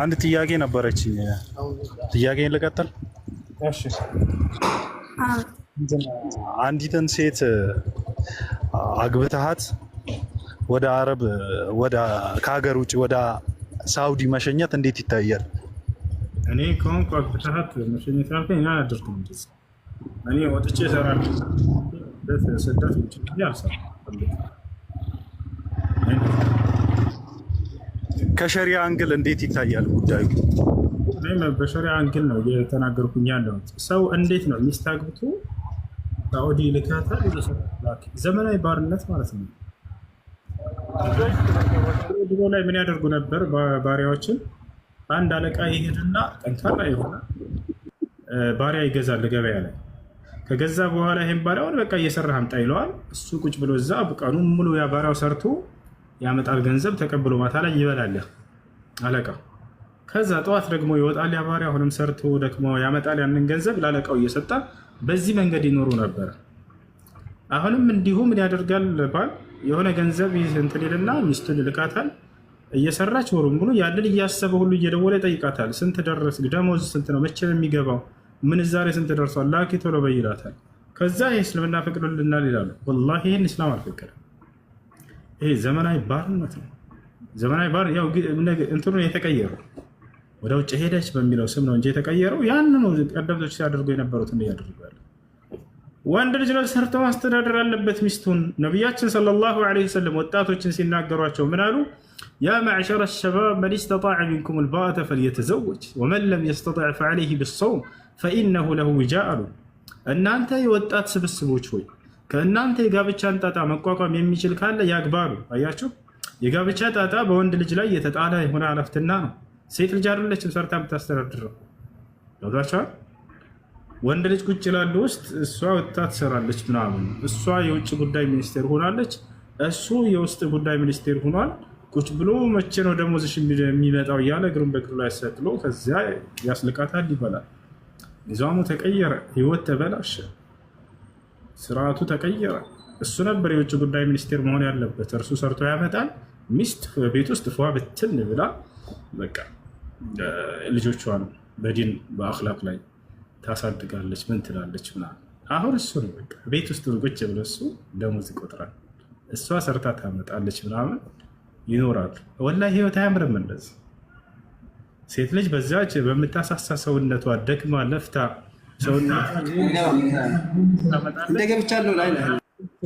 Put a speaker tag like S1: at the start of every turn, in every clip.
S1: አንድ ጥያቄ ነበረችኝ። ጥያቄን ልቀጥል። አንዲትን ሴት አግብተሃት ወደ አረብ ወደ ከሀገር ውጭ ወደ ሳውዲ መሸኘት እንዴት ይታያል?
S2: እኔ ከሆንኩ አግብተሃት መሸኘት ያልከኝ እኔ አላደርኩም። እኔ ወጥቼ እሰራለሁ። ስደት ይችላል አልሰራም።
S1: ከሸሪያ አንግል እንዴት ይታያል ጉዳዩ?
S2: በሸሪያ አንግል ነው የተናገርኩኝ ያለው። ሰው እንዴት ነው ሚስት አግብቶ ሳዑዲ ዘመናዊ ባርነት ማለት ነው። ድሮ ላይ ምን ያደርጉ ነበር? ባሪያዎችን አንድ አለቃ ይሄድና ጠንካራ የሆነ ባሪያ ይገዛል ገበያ ላይ። ከገዛ በኋላ ይህም ባሪያውን በቃ እየሰራህ አምጣ ይለዋል። እሱ ቁጭ ብሎ እዛ ቀኑን ሙሉ ያ ባሪያው ሰርቶ ያመጣል ገንዘብ ተቀብሎ ማታ ላይ ይበላልህ አለቃ። ከዛ ጠዋት ደግሞ ይወጣል ያ ባሪያ አሁንም ሰርቶ ደግሞ ያመጣል ያንን ገንዘብ ላለቃው እየሰጣ በዚህ መንገድ ይኖሩ ነበር። አሁንም እንዲሁ ምን ያደርጋል ባል የሆነ ገንዘብ እንትንልና ሚስቱን ይልካታል። እየሰራች ወሩም ብሎ ያንን እያሰበ ሁሉ እየደወለ ይጠይቃታል። ስንት ደረስ ደሞዝ ስንት ነው? መቼ ነው የሚገባው? ምንዛሬ ስንት ደርሷል? ላኪ ቶሎ በይ ይላታል። ከዛ ፍቅዱልናል ይላሉ። ወላሂ ይህን እስላም አልፈቀደም።
S1: ይሄ ዘመናዊ ባርነት ነው። ዘመናዊ ባር እንትኑ የተቀየረው ወደ ውጭ ሄደች በሚለው ስም ነው እንጂ የተቀየረው ያን ነው። ቀደምቶች ሲያደርጉ የነበሩትን እያደርጉ ያለ ወንድ ልጅ ሰርቶ ማስተዳደር አለበት ሚስቱን። ነቢያችን ሰለላሁ ዐለይሂ ወሰለም ወጣቶችን ሲናገሯቸው ምን አሉ? ያ መዕሸረ ሸባብ መን ስተጣዐ ሚንኩም ልባአተ ፈልየተዘወጅ ወመን ለም የስተጣዕ ፈዐለይህ ብሰውም ፈኢነሁ ለሁ ዊጃእ አሉ። እናንተ የወጣት ስብስቦች ሆይ ከእናንተ የጋብቻን ጣጣ መቋቋም የሚችል ካለ ያግባሉ። አያችሁ፣ የጋብቻ ጣጣ በወንድ ልጅ ላይ የተጣለ የሆነ አለፍትና ነው። ሴት ልጅ አይደለችም ሰርታ የምታስተዳድረው። ገብቷችኋል? ወንድ ልጅ ቁጭ ላሉ ውስጥ እሷ ወጥታ ትሰራለች ምናምን። እሷ የውጭ ጉዳይ ሚኒስቴር ሆናለች፣ እሱ የውስጥ ጉዳይ ሚኒስቴር ሆኗል። ቁጭ ብሎ መቼ ነው ደሞዝሽ የሚመጣው እያለ እግሩን በእግሩ ላይ ሰጥሎ ከዚያ ያስልቃታል፣ ይበላል። ኒዛሙ ተቀየረ፣ ህይወት ተበላሸ። ስርዓቱ ተቀየረ። እሱ ነበር የውጭ ጉዳይ ሚኒስቴር መሆን ያለበት። እርሱ ሰርቶ ያመጣል። ሚስት ቤት ውስጥ ፏ ብትን ብላ በቃ ልጆቿን በዲን በአክላቅ ላይ ታሳድጋለች። ምን ትላለች ምናምን። አሁን እሱ ነው በቃ ቤት ውስጥ ቁጭ ብሎ እሱ ደሞዝ ይቆጥራል፣ እሷ ሰርታ ታመጣለች ምናምን ይኖራሉ። ወላሂ ህይወት አያምርም እንደዚህ። ሴት ልጅ በዚያች በምታሳሳ ሰውነቷ ደክማ ለፍታ እንደገብቻለሁ ላይ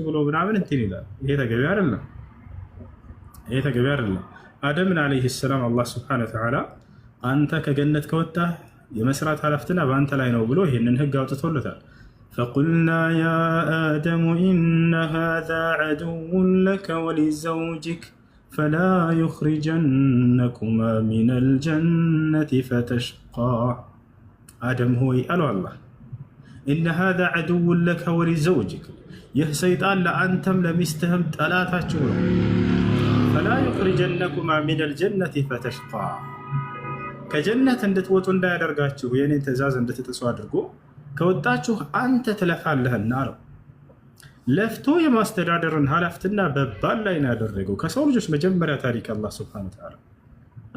S1: ብሎ ምናምን እንትን ይላል። ይሄ ተገቢ አይደለም። ይሄ ተገቢ አይደለም። አደምን ዓለይህ ሰላም አላህ ስብሐነ ወተዓላ አንተ ከገነት ከወጣ የመስራት ኃላፊነቱ በአንተ ላይ ነው ብሎ ይህንን ህግ አውጥቶለታል። ፈቁልና ያ አደሙ ኢነ ሃዛ ዐዱውን ለከ ወሊዘውጅክ ፈላ ዩኽሪጀነኩማ ሚነል ጀነቲ ፈተሽቃ። አደም ሆይ አሉ አላህ ኢነ ሃዛ ዐድውን ለከ ወሊዘውጅክ፣ ይህ ሰይጣን ለአንተም ለሚስትህም ጠላታችሁ ነው። ፈላ ዩኽሪጀነኩማ ሚነል ጀነቲ ፈተሽቃ፣ ከጀነት እንድትወጡ እንዳያደርጋችሁ የእኔን ትእዛዝ እንድትጥሱ አድርጎ ከወጣችሁ አንተ ትለፋለህና ነው። ለፍቶ የማስተዳደርን ኃላፊነትና በባል ላይ ነው ያደረገው። ከሰው ልጆች መጀመሪያ ታሪክ አላህ ሱብሓነሁ ወተዓላ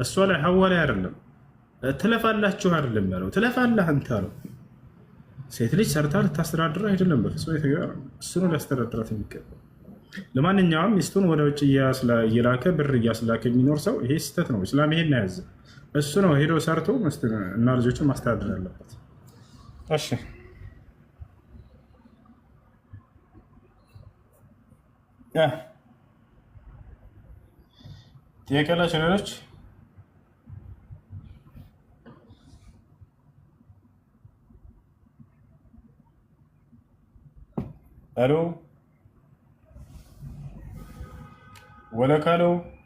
S1: እሷ ላይ ሐዋ ላይ አይደለም። ትለፋላችሁ አይደለም ያለው፣ ትለፋለህ አንተ ነው ሴት ልጅ ሰርታ ልታስተዳድር አይደለም፣ በፍጹም የተገባ ሊያስተዳድራት የሚገባ ለማንኛውም ሚስቱን ወደ ውጭ እየላከ ብር እያስላከ የሚኖር ሰው ይሄ ስህተት ነው። ስላም ይሄን ያዘ። እሱ ነው ሄዶ ሰርቶ እና ልጆችን ማስተዳደር ያለበት። እሺ ጥያቄ ያላቸው ሌሎች Allô Voilà, allô